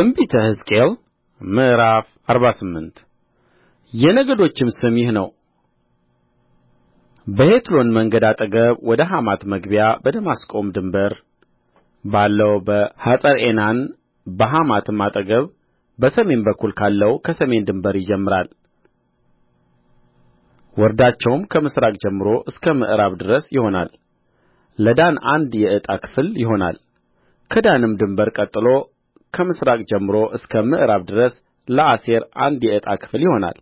ትንቢተ ሕዝቅኤል ምዕራፍ አርባ ስምንት የነገዶችም ስም ይህ ነው በሔትሎን መንገድ አጠገብ ወደ ሐማት መግቢያ በደማስቆም ድንበር ባለው በሐጸርዔናን በሐማትም አጠገብ በሰሜን በኩል ካለው ከሰሜን ድንበር ይጀምራል ወርዳቸውም ከምሥራቅ ጀምሮ እስከ ምዕራብ ድረስ ይሆናል ለዳን አንድ የዕጣ ክፍል ይሆናል ከዳንም ድንበር ቀጥሎ ከምሥራቅ ጀምሮ እስከ ምዕራብ ድረስ ለአሴር አንድ የዕጣ ክፍል ይሆናል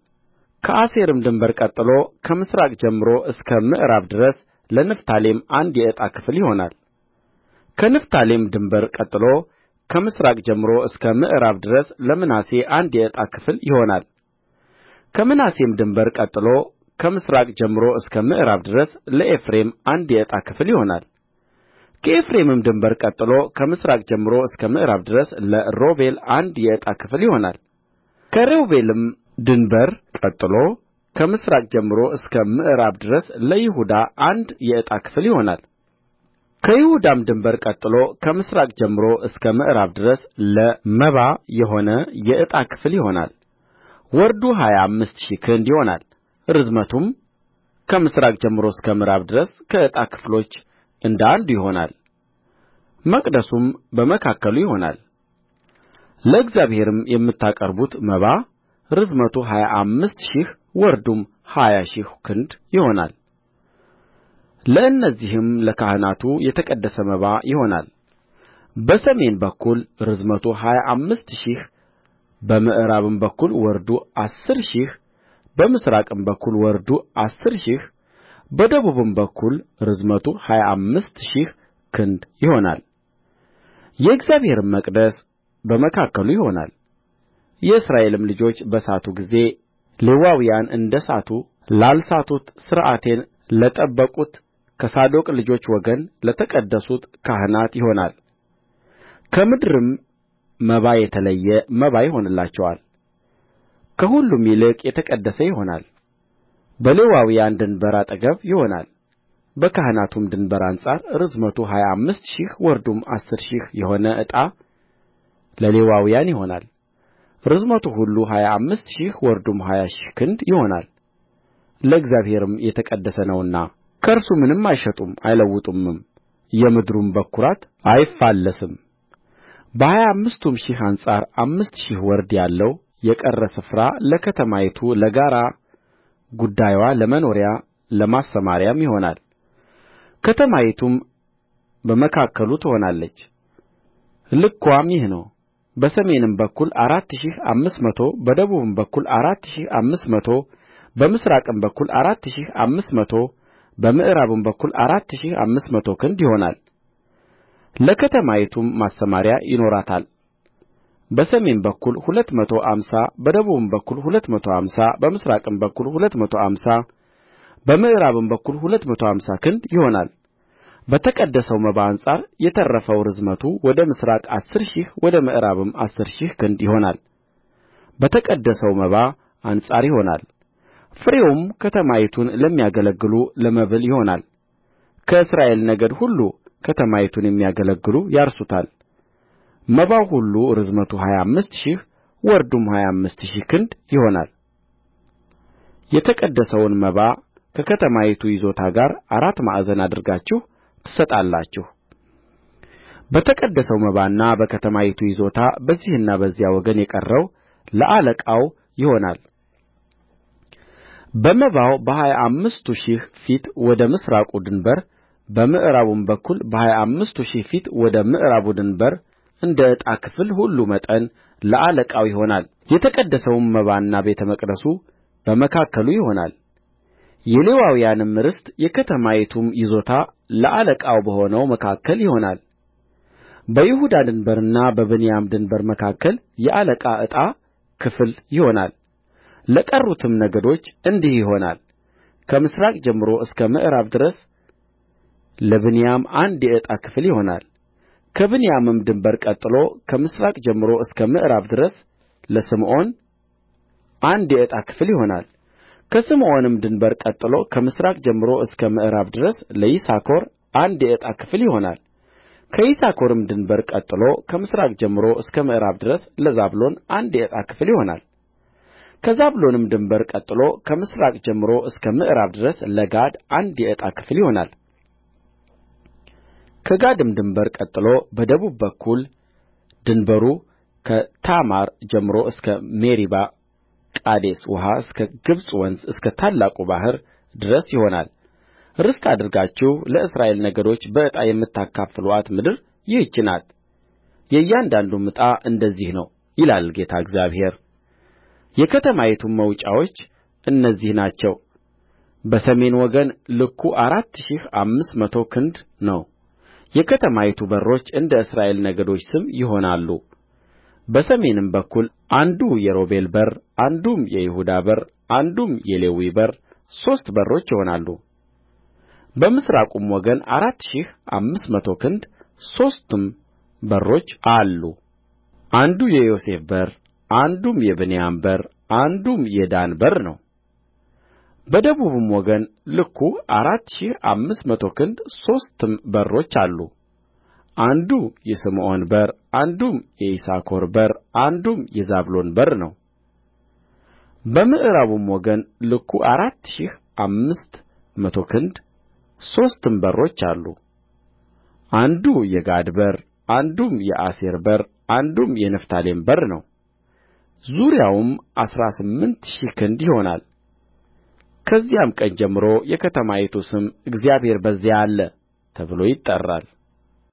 ከአሴርም ድንበር ቀጥሎ ከምሥራቅ ጀምሮ እስከ ምዕራብ ድረስ ለንፍታሌም አንድ የዕጣ ክፍል ይሆናል ከንፍታሌም ድንበር ቀጥሎ ከምሥራቅ ጀምሮ እስከ ምዕራብ ድረስ ለምናሴ አንድ የዕጣ ክፍል ይሆናል ከምናሴም ድንበር ቀጥሎ ከምሥራቅ ጀምሮ እስከ ምዕራብ ድረስ ለኤፍሬም አንድ የዕጣ ክፍል ይሆናል ከኤፍሬምም ድንበር ቀጥሎ ከምሥራቅ ጀምሮ እስከ ምዕራብ ድረስ ለሮቤል አንድ የዕጣ ክፍል ይሆናል ከሮቤልም ድንበር ቀጥሎ ከምሥራቅ ጀምሮ እስከ ምዕራብ ድረስ ለይሁዳ አንድ የዕጣ ክፍል ይሆናል ከይሁዳም ድንበር ቀጥሎ ከምሥራቅ ጀምሮ እስከ ምዕራብ ድረስ ለመባ የሆነ የዕጣ ክፍል ይሆናል ወርዱ ሀያ አምስት ሺህ ክንድ ይሆናል ርዝመቱም ከምሥራቅ ጀምሮ እስከ ምዕራብ ድረስ ከዕጣ ክፍሎች እንደ አንዱ ይሆናል መቅደሱም በመካከሉ ይሆናል ለእግዚአብሔርም የምታቀርቡት መባ ርዝመቱ ሀያ አምስት ሺህ ወርዱም ሀያ ሺህ ክንድ ይሆናል ለእነዚህም ለካህናቱ የተቀደሰ መባ ይሆናል በሰሜን በኩል ርዝመቱ ሀያ አምስት ሺህ በምዕራብም በኩል ወርዱ አሥር ሺህ በምሥራቅም በኩል ወርዱ አሥር ሺህ በደቡብም በኩል ርዝመቱ ሀያ አምስት ሺህ ክንድ ይሆናል የእግዚአብሔርም መቅደስ በመካከሉ ይሆናል የእስራኤልም ልጆች በሳቱ ጊዜ ሌዋውያን እንደ ሳቱ ላልሳቱት ሥርዓቴን ለጠበቁት ከሳዶቅ ልጆች ወገን ለተቀደሱት ካህናት ይሆናል ከምድርም መባ የተለየ መባ ይሆንላቸዋል ከሁሉም ይልቅ የተቀደሰ ይሆናል በሌዋውያን ድንበር አጠገብ ይሆናል በካህናቱም ድንበር አንጻር ርዝመቱ ሀያ አምስት ሺህ ወርዱም አሥር ሺህ የሆነ ዕጣ ለሌዋውያን ይሆናል ርዝመቱ ሁሉ ሀያ አምስት ሺህ ወርዱም ሀያ ሺህ ክንድ ይሆናል ለእግዚአብሔርም የተቀደሰ ነውና ከእርሱ ምንም አይሸጡም አይለውጡምም የምድሩም በኵራት አይፋለስም በሀያ አምስቱም ሺህ አንጻር አምስት ሺህ ወርድ ያለው የቀረ ስፍራ ለከተማይቱ ለጋራ ጉዳይዋ ለመኖሪያ ለማሰማርያም ይሆናል ከተማይቱም በመካከሉ ትሆናለች ልክዋም ይህ ነው በሰሜን በኩል አራት ሺህ አምስት መቶ በደቡብም በኩል አራት ሺህ አምስት መቶ በምሥራቅም በኩል አራት ሺህ አምስት መቶ በምዕራብም በኩል አራት ሺህ አምስት መቶ ክንድ ይሆናል ለከተማይቱም ማሰማርያ ይኖራታል በሰሜን በኩል ሁለት መቶ አምሳ በደቡብም በኩል ሁለት መቶ አምሳ በምሥራቅም በኩል ሁለት መቶ አምሳ በምዕራብም በኩል ሁለት መቶ አምሳ ክንድ ይሆናል በተቀደሰው መባ አንጻር የተረፈው ርዝመቱ ወደ ምሥራቅ አሥር ሺህ ወደ ምዕራብም አሥር ሺህ ክንድ ይሆናል በተቀደሰው መባ አንጻር ይሆናል ፍሬውም ከተማይቱን ለሚያገለግሉ ለመብል ይሆናል ከእስራኤል ነገድ ሁሉ ከተማይቱን የሚያገለግሉ ያርሱታል መባው ሁሉ ርዝመቱ ሀያ አምስት ሺህ ወርዱም ሀያ አምስት ሺህ ክንድ ይሆናል የተቀደሰውን መባ ከከተማይቱ ይዞታ ጋር አራት ማዕዘን አድርጋችሁ ትሰጣላችሁ በተቀደሰው መባና በከተማይቱ ይዞታ በዚህና በዚያ ወገን የቀረው ለአለቃው ይሆናል በመባው በሀያ አምስቱ ሺህ ፊት ወደ ምሥራቁ ድንበር በምዕራቡም በኩል በሀያ አምስቱ ሺህ ፊት ወደ ምዕራቡ ድንበር እንደ ዕጣ ክፍል ሁሉ መጠን ለአለቃው ይሆናል የተቀደሰውም መባና ቤተ መቅደሱ በመካከሉ ይሆናል የሌዋውያንም ርስት የከተማይቱም ይዞታ ለአለቃው በሆነው መካከል ይሆናል በይሁዳ ድንበርና በብንያም ድንበር መካከል የአለቃ ዕጣ ክፍል ይሆናል ለቀሩትም ነገዶች እንዲህ ይሆናል ከምሥራቅ ጀምሮ እስከ ምዕራብ ድረስ ለብንያም አንድ የዕጣ ክፍል ይሆናል ከብንያምም ድንበር ቀጥሎ ከምሥራቅ ጀምሮ እስከ ምዕራብ ድረስ ለስምዖን አንድ የዕጣ ክፍል ይሆናል ከስምዖንም ድንበር ቀጥሎ ከምሥራቅ ጀምሮ እስከ ምዕራብ ድረስ ለይሳኮር አንድ የዕጣ ክፍል ይሆናል ከይሳኮርም ድንበር ቀጥሎ ከምሥራቅ ጀምሮ እስከ ምዕራብ ድረስ ለዛብሎን አንድ የዕጣ ክፍል ይሆናል ከዛብሎንም ድንበር ቀጥሎ ከምሥራቅ ጀምሮ እስከ ምዕራብ ድረስ ለጋድ አንድ የዕጣ ክፍል ይሆናል ከጋድም ድንበር ቀጥሎ በደቡብ በኩል ድንበሩ ከታማር ጀምሮ እስከ ሜሪባ ቃዴስ ውኃ እስከ ግብጽ ወንዝ እስከ ታላቁ ባሕር ድረስ ይሆናል ርስት አድርጋችሁ ለእስራኤል ነገዶች በዕጣ የምታካፍሉአት ምድር ይህች ናት የእያንዳንዱም ዕጣ እንደዚህ ነው ይላል ጌታ እግዚአብሔር የከተማይቱም መውጫዎች እነዚህ ናቸው በሰሜን ወገን ልኩ አራት ሺህ አምስት መቶ ክንድ ነው የከተማይቱ በሮች እንደ እስራኤል ነገዶች ስም ይሆናሉ በሰሜን በኩል አንዱ የሮቤል በር አንዱም የይሁዳ በር አንዱም የሌዊ በር ሦስት በሮች ይሆናሉ በምሥራቁም ወገን አራት ሺህ አምስት መቶ ክንድ ሦስትም በሮች አሉ አንዱ የዮሴፍ በር አንዱም የብንያም በር አንዱም የዳን በር ነው በደቡብም ወገን ልኩ አራት ሺህ አምስት መቶ ክንድ ሦስትም በሮች አሉ አንዱ የስምዖን በር አንዱም የይሳኮር በር አንዱም የዛብሎን በር ነው በምዕራቡም ወገን ልኩ አራት ሺህ አምስት መቶ ክንድ ሦስትም በሮች አሉ አንዱ የጋድ በር አንዱም የአሴር በር አንዱም የንፍታሌም በር ነው ዙሪያውም አሥራ ስምንት ሺህ ክንድ ይሆናል ከዚያም ቀን ጀምሮ የከተማይቱ ስም እግዚአብሔር በዚያ አለ ተብሎ ይጠራል